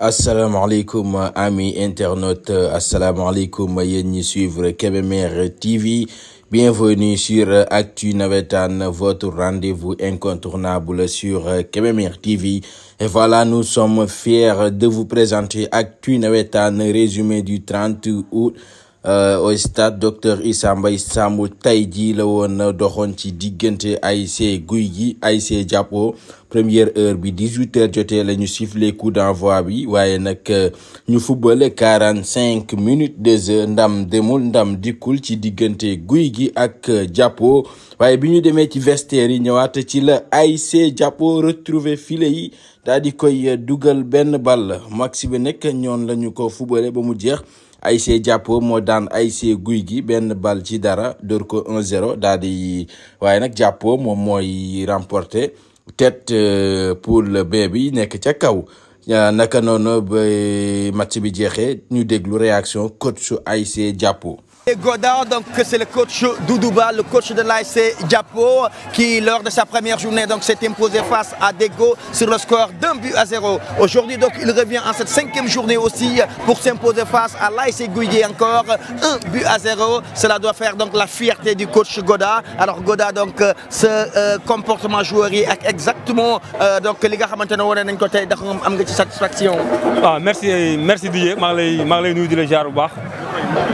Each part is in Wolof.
Assalamu alaikum amis internautes, assalamu alaikum, yenni suivre KBMR TV bienvenue sur Actu Navetan, votre rendez-vous incontournable sur KBMR TV et voilà nous sommes fiers de vous présenter Actu Navetan, résumé du 30 août Euh, au stade docteur Issa Mbaye Samb tey jii la woon doxoon ci diggante ay c guy gi ay ASC Jàppo première heure bi 18h jotee la ñu siffler coup d'envoi bi waaye nag euh, ñu fubale 45 minutes de jeu ndam demul ndam dikkul ci diggante guy gi ak Jàppo euh, waaye bi ñu demee ci vestiaire yi ñëwaat ci la ay ASC Jàppo retrouver file yi daal di koy dugal benn ball maxi bi nekk ñoon lañu ko fubale ba mu jeex ASC Jàppo mo dan ASC Guigui, ben bal ci dara dor ko 1-0 dadi waye nak nag Jàppo moy remporter tête euh, pour le baby, nek ci kaw naka noonu ba match bi jeexee ñu déglu réaction coach su Diapo et Godard, donc c'est le coach d'Oudouba, le coach de l'AS Diapo, qui lors de sa première journée donc s'est imposé face à Dego sur le score d'un but à zéro. Aujourd'hui donc il revient en cette cinquième journée aussi pour s'imposer face à l'AS Guigui encore un but à zéro. Cela doit faire donc la fierté du coach Godard. Alors Godard donc euh, ce euh, comportement joueur est exactement euh, donc les gars maintenant on a une satisfaction. Ah, merci merci Didier, je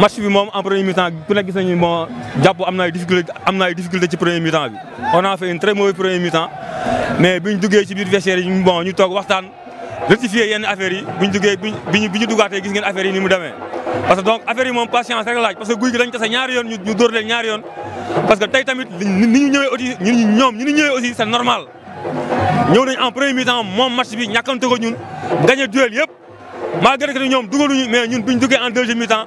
match bi mom en premier mi-temps ku nek gis nañu bon jàpp amna difficulté amna difficulté ci premier mi-temps bi on a fait une très mauvais premier mi-temps mais bi duggé ci biir vestiaire yi bon ñu tok waxtaan rectifier yenn affaire yi bi duggé duggee bi duggaté gis ngeen affaire yi ni mu démé parce que donc affaire yi mom patience rek laaj parce que guuy gi dañ tassé ñaar yoon ñu dóor leen ñaar yoon parce que tay tamit ni ñu ñëwé aussi ñoom ñom ñu ñëwé aussi c'est normal ñëw nañ en premier mi-temps mom match bi ñakanté ko ñun gagné duel yëpp malgré que ñom dugaluñu mais ñun bi duggé en deuxième mi-temps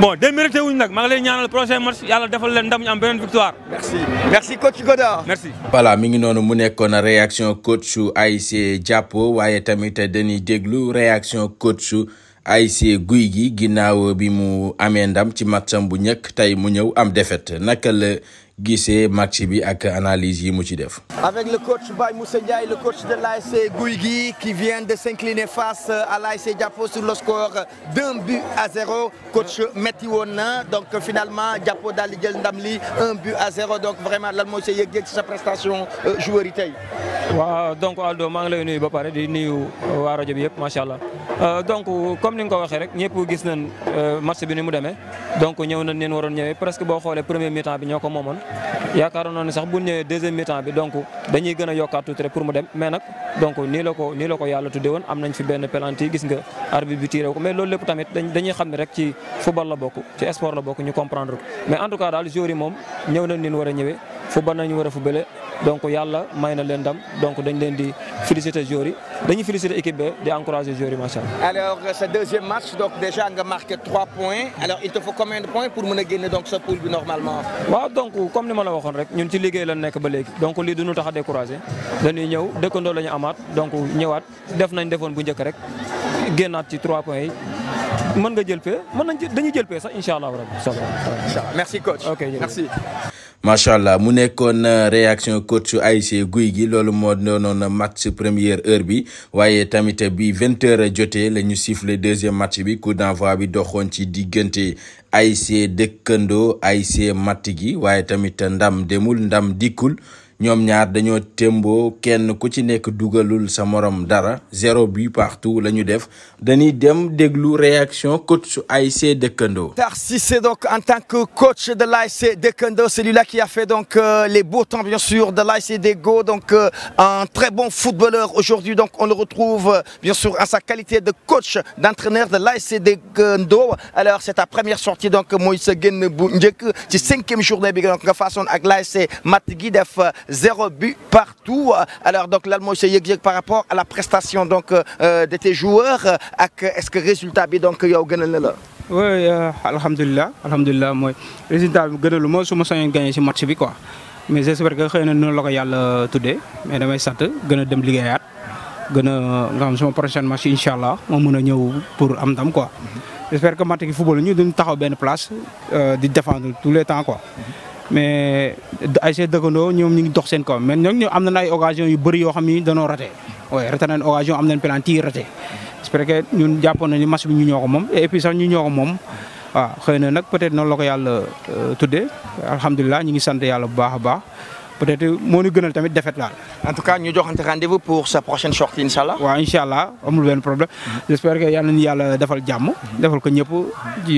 bon démérité wuñ nag maa ngi lay ñaanal prochain match yàlla defal leen ndam ñu am beneen victoire. merci merci coach Godard. merci. mi ngi noonu mu nekkoon réaction coach su AIC Jàppo waaye tamit dañuy déglu réaction coach su AIC Guy gi ginnaaw bi mu amee ndam ci matcham bu njëkk tey mu ñëw am défaite naka la. gisee match bi ak analyse yi mu ci def. avec le coach Baye Moussa Ndiaye le coach de l'ASC Gouye qui vient de s'incliner face à l'ASC Diapo sur le score d'un but à zéro coach metti woon donc finalement Diapo dali djel jël ndam li un but à zéro donc vraiment lan mo sa yëg-yëg sa prestation euh, joueur yi tey. donc Aldo mang lay nuyu ba paré di nuyu euh, waa rajo bi yëpp macha allah euh, donc comme ni nga ko waxee rek ñepp gis nañ match bi ni mu démé donc ñew nañ ñen waron ñëwee presque bo xolé premier mi-temps bi ñoko ko yaakaaroon naa ne sax bu ñëwee deuxième mi bi donc dañuy gën a yokkaat pour mu dem mais nag donc nii la ko nii la ko yàlla tudde woon am nañ fi benn penalty gis nga arbitre bi tiré ko mais loolu tamit dañuy xam ne rek ci football la bokk ci sport la bokk ñu comprendre ko mais en daal joueurs moom ñëw nañ leen war a ñëwee nañu war a footballé donc yàlla may na leen ndam donc dañ leen di féliciter joueurs dañuy féliciter équipe bi di encourager joueurs ma macha allah. alors sa euh, deuxième match donc déjà nga marqué 3 points il te faut combien de points pour mën a génne donc sa poule bi normalement. waaw donc comme ni ma la waxoon rek ñun ci liggéey la nekk ba léegi donc lii du ñu tax a décourager dañuy ñëw dëkkandoo la ñu amaat donc ñëwaat def nañ defoon bu njëkk rek génnaat ci 3 points yi. man nga jël pee man nañ dañuy jël pee sax incha allah rabbi merci coach ok merci. macha allah mu nekkoon euh, réaction coach ASC Gouye Gui loolu moo doonoon match première heure bi waaye tamit bi 20 heures jotee la ñu siffle deuxième match bi coup d'envoi bi doxoon ci diggante ASC dëkkandoo ASC matt gi waaye tamit ndam demul ndam dikkul ñoom ñaar dañoo témboo kenn ku ci nekk dugalul sa morom dara zéro but partout la ñu def dañuy dem déglu réaction coach su ASC Dëkkandoo. Makhtar c'est donc en tant que coach de de Kendo celui-là qui a fait donc euh, les beaux temps bien sûr de de Dego. donc euh, un très bon footballeur aujourd'hui donc on le retrouve euh, bien sûr en sa qualité de coach d'entraîneur de de Kendo. alors c'est ta première sortie donc Moïse sa génn C'est cinquième journée donc nga façon avec l'ASC Matigidef zéro but partout. Alors donc là, par rapport à la prestation donc euh, euh, de tes joueurs euh, est-ce que résultat bien donc gënal na la. oui résultat gagné si match quoi mais j'espère que xëy na nous la ko Nous mais damay Nous gën dem nous sama prochaine match pour am quoi. j'espère que match de football ñu place de défendre tous les temps quoi mais ay see dëkkandoo ñoom ñu ngi dox sen kaw mais ñoom ñoo am nañ ay occasion yu bari yo xamni ni danoo raté waaye raté nañ occasion amna nañ penalty raté j'espère que ñun jàppoon nañu match bi ñu ñoko mom et puis sax ñu ñoko mom wa ah, xeyna nak peut-être non la ko yalla euh, tuddee alhamdulilah ñi ngi sant yalla bu baax baax peut-être mo ñu gënal tamit défaite la en tout cas ñu joxante rendez-vous pour sa prochaine sortie inshallah wa inshallah amul benn problème mm-hmm. j'espère que yalla ñu yalla défal jamm défal ko ñëpp ci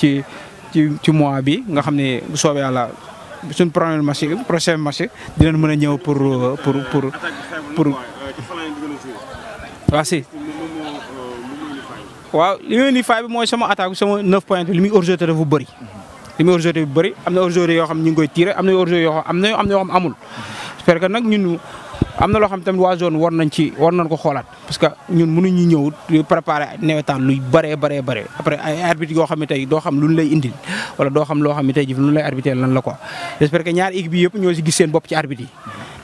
ci. ci ci mois bi nga xam ne bu soobee yàlla suñ prochain marché prochain marché dinañ mën a ñëw pour pour pour pour. waaw si. waaw li muy fay bi mooy sama attaque sama 9 point li muy hors-jeu dafa bëri. li muy hors bu bëri am na hors-jeu yoo xam ñu ngi koy tiré am na hors-jeu am na yoo xam amul. parce que nag ñun am na loo xam tamit waa zone war nañ ci ko xoolaat parce que ñun mënuñu ñëw di préparer nawetaan luy bëree bëree bëri après ay arbitre yoo xam ne tey doo lay indil wala doo xam loo xam ne lay arbitrer lan la quoi j'espère que ñaari équipe yi yëpp ñoo si gis seen bopp ci arbitre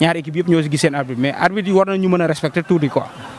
yi équipe yëpp ñoo si gis seen arbitre mais arbitre yi war nañu mën a respecter tuuti quoi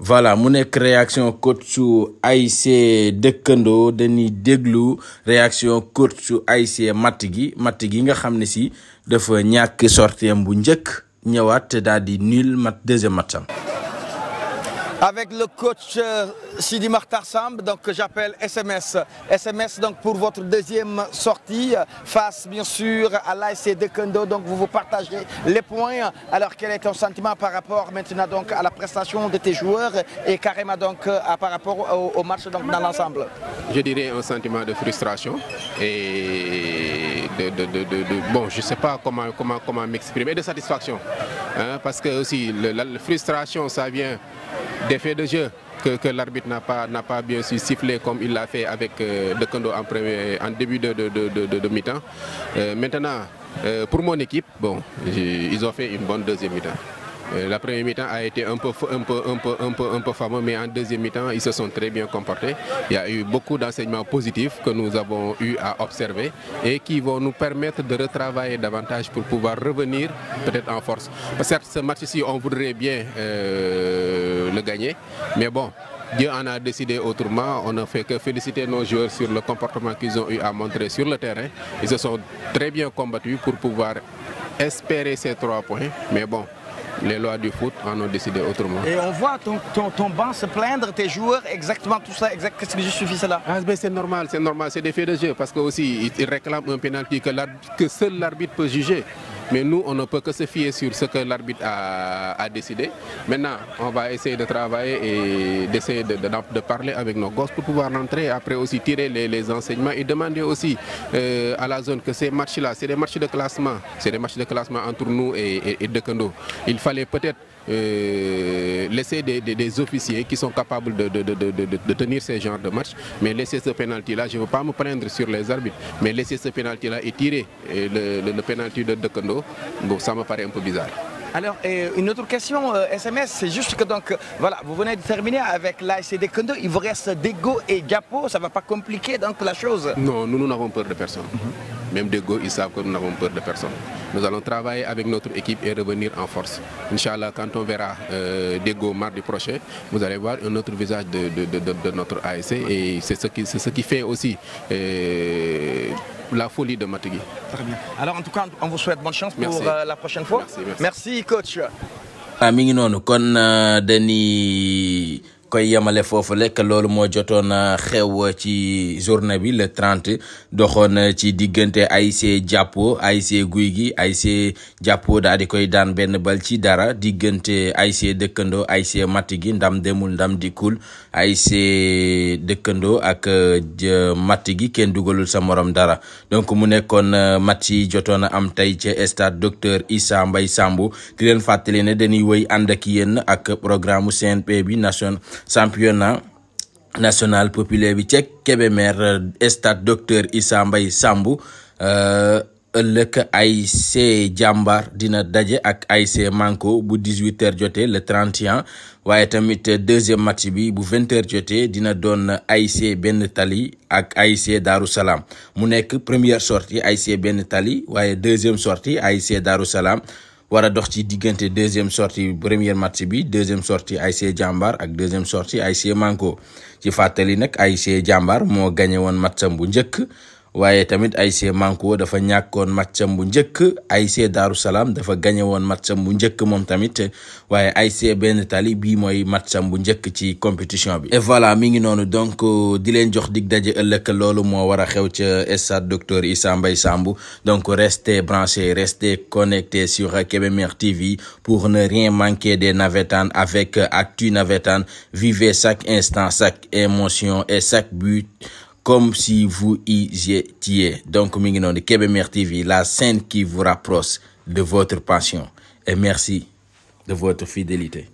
voilà mu nekk réaction coach su AIC dëkkandoo dañuy déglu réaction court su AIC matt gi matt gi nga xam ne si dafa ñàkk sortiem bu njëkk ñëwaat daal di nul mat deuxième match avec le coach euh, Sidi Martar donc j'appelle SMS. SMS donc pour votre deuxième sortie euh, face bien sûr à l'ASC de Kendo. Donc vous vous partagez les points. Alors quel est ton sentiment par rapport maintenant donc à la prestation de tes joueurs et carrément donc euh, à, par rapport au, match dans l'ensemble Je dirais un sentiment de frustration et de, de, bon, je sais pas comment, comment, comment m'exprimer, de satisfaction. Hein, parce que aussi, la, frustration, ça vient des faits de jeu que, l'arbitre n'a pas, pas bien sifflé comme il l'a fait avec euh, De en, début de, mi-temps. Euh, maintenant, euh, pour mon équipe, bon, ils ont fait une bonne deuxième mi-temps. Euh, la première mi-temps a été un peu, un peu, un peu, un peu, un fameux, mais en deuxième mi-temps, ils se sont très bien comportés. Il y a eu beaucoup d'enseignements positifs que nous avons eu à observer et qui vont nous permettre de retravailler davantage pour pouvoir revenir peut-être en force. Certes, ce match-ci, on voudrait bien euh, le gagner, mais bon, Dieu en a décidé autrement. On ne fait que féliciter nos joueurs sur le comportement qu'ils ont eu à montrer sur le terrain. Ils se sont très bien combattus pour pouvoir espérer ces trois points, mais bon, les lois du foot en ont décidé autrement. Et on voit ton, ton, banc se plaindre, tes joueurs, exactement tout ça, exact, qu'est-ce qui justifie cela ah, C'est normal, c'est normal, c'est des faits de jeu, parce que aussi ils réclament un pénalty que seul l'arbitre peut juger. Mais nous, on ne peut que se fier sur ce que l'arbitre a, décidé. Maintenant, on va essayer de travailler et d'essayer de, parler avec nos gosses pour pouvoir rentrer, après aussi tirer les, enseignements et demander aussi euh, à la zone que ces matchs-là, c'est des matchs de classement, c'est des matchs de classement entre nous et, de Il fallait peut-être euh, laisser des, officiers qui sont capables de, tenir ce genre de match, mais laisser ce pénalty-là, je ne veux pas me prendre sur les arbitres, mais laisser ce pénalty-là et tirer euh, le, le pénalty de, de Bon ça me paraît un peu bizarre. Alors, une autre question SMS, euh, c'est juste que donc, euh, voilà, vous venez de terminer avec l'ACD Kondo, il vous reste Dego et Gapo, ça ne va pas compliquer donc la chose Non, nous, nous n'avons peur de personne. Mhm. Même Dego, ils savent que nous n'avons peur de personne. Nous allons travailler avec notre équipe et revenir en force. Inch'Allah, quand on verra euh, Dego mardi prochain, vous allez voir un autre visage de, notre ASC et c'est ce, ce, qui fait aussi euh, la folie de Matigui. Très bien. Alors en tout cas, on vous souhaite bonne chance pour euh, la prochaine fois. Merci, merci. merci coach. Ah, koy yemale foofu lekk loolu moo jotoon euh, xew ci journée bi le 30 doxoon ci diggante AIC Jàppo AIC Guy gi AIC Jàppo daa di koy daan benn bal ci dara diggante AIC dëkkandoo AIC matt gi ndam demul ndam dikkul AIC dëkkandoo ak euh, matt gi kenn dugalul sa morom dara donc mu nekkoon euh, match yi jotoon a am tey ca stade docteur Issa Mbaye Samb di leen fàttali ne dañuy wëy ànd ak yéen ak programme CNP bi nation championnat national populaire bi ca kebemer euh, stade docteur Issa Mbaye Samb euh, ëllëg ASC jambar dina dajé ak Manko bu 18h joté le 31 waye tamit deuxième match bi bu 20h joté dina doon ASC ben Tali ak ASC mu nek première sortie Aïsé Benetali, Tali waye deuxième sortie Aïsé Darussalam. darussalam war a dox ci diggante deuxième sortie première match bi deuxième sortie ASC Jàmbaar ak deuxième sortie ASC Manko ci fàttali nag ASC Jàmbaar moo gañe woon matcham bu njëkk Why tamit Ayse Manko dafa ñakoon matcham bu njëkk ASC daru salam dafa gagné won matcham bu ñeuk mom tamit waaye ASC ben Tali bi moy matcham bu ñeuk ci compétition bi. et voilà mi ngi nonu donc euh, di leen jox dig daje ëlëk loolu mo wara xew ci stade docteur Issa Mbaye Samb donc restez branchés restez connectés sur Kébémer TV pour ne rien manquer des navétanes avec Actu Navetan. vivez chaque instant chaque émotion et chaque but comme si vous y étiez. Donc, mi de Kebemer TV, la scène qui vous rapproche de votre passion. Et merci de votre fidélité.